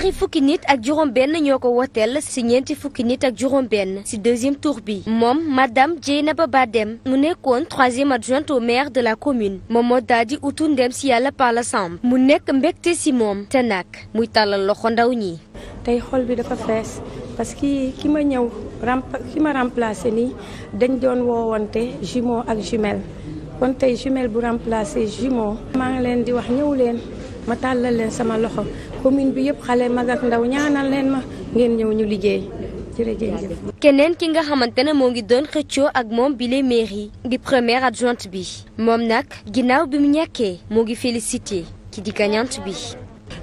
ñaari nit ak juróom benn ñoo ko woteel si ñeenti fukki nit ak juróom benn si deuxième tour bi moom madame Dieynaba Badem mu nekkoon troisième adjointe au maire de la commune moom moo daal di utu ndem si yàlla par l'Assemblée mu nekk mbégte si moom te nag muy tàllal loxo ndaw ñi. tey xol bi dafa fees parce que ki ma ñëw ki ma remplacé nii dañ doon woowante jumeau ak jumelle kon tey jumelle bu remplacé jumeau maa ngi leen di wax ñëw leen ma tàllal leen sama loxo commune bi yëpp xale mag ak ndaw ñaanal leen ma ngeen ñëw ñu liggéey jërëjëf. keneen ki nga xamante ne moo ngi doon xëccoo ak moom bile mairie di première adjointe bi moom nag ginnaaw bi mu ñàkkee moo ngi félicité ki di gagnante bi.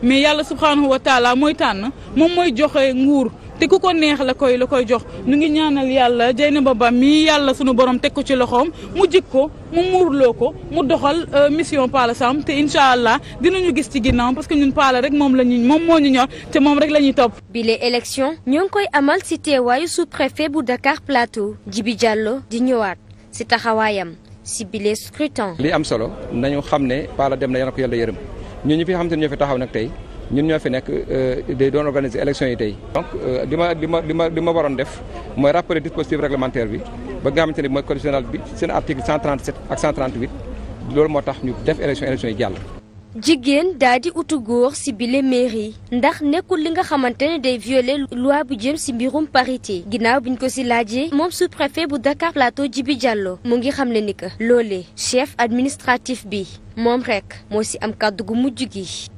mais yàlla subhanahu wa taala mooy tànn moom mooy joxe nguur. te ku ko neex la koy la koy jox ñu ngi ñaanal yàlla Dieynaba Ba mii yàlla sunu borom teg ko ci loxoom mu jig ko mu muurloo ko mu doxal euh, mission Pala Samb te incha allah dinañu gis ci ginnaaw parce que ñun Pala rek moom la ñu moom moo ñu ñor te moom rek la ñuy topp. bile élection ñoo ngi koy amal ci teewaayu sous-préfet bu Dakar Plateau jibi Diallo di ñëwaat ci taxawaayam ci bile scrutin. li am solo nañu xam ne Pala dem na yàlla ko yàlla yërëm ñun ñi xam te ñoo taxaw nag tey. ñun ñoo fi nekk euh, de doon organiser élection yi tey. donc li euh, ma li ma li ma li ma waroon def mooy rappeler dispositif réglementaire bi ba nga xamante ne mooy code général bi seen article 137 ak 138 loolu moo tax ñu def élection élection yi jàll. jigéen daa di utu góor si bile mairie ndax nekkul li nga xamante ne day violer loi bu jëm si mbirum parité ginnaaw bi ñu ko si laajee moom su préfet bu Dakar Plateau Djibi jàlloo mu ngi xam ne ni que loolee chef administratif bi moom rek moo si am kàddu gu mujj gi.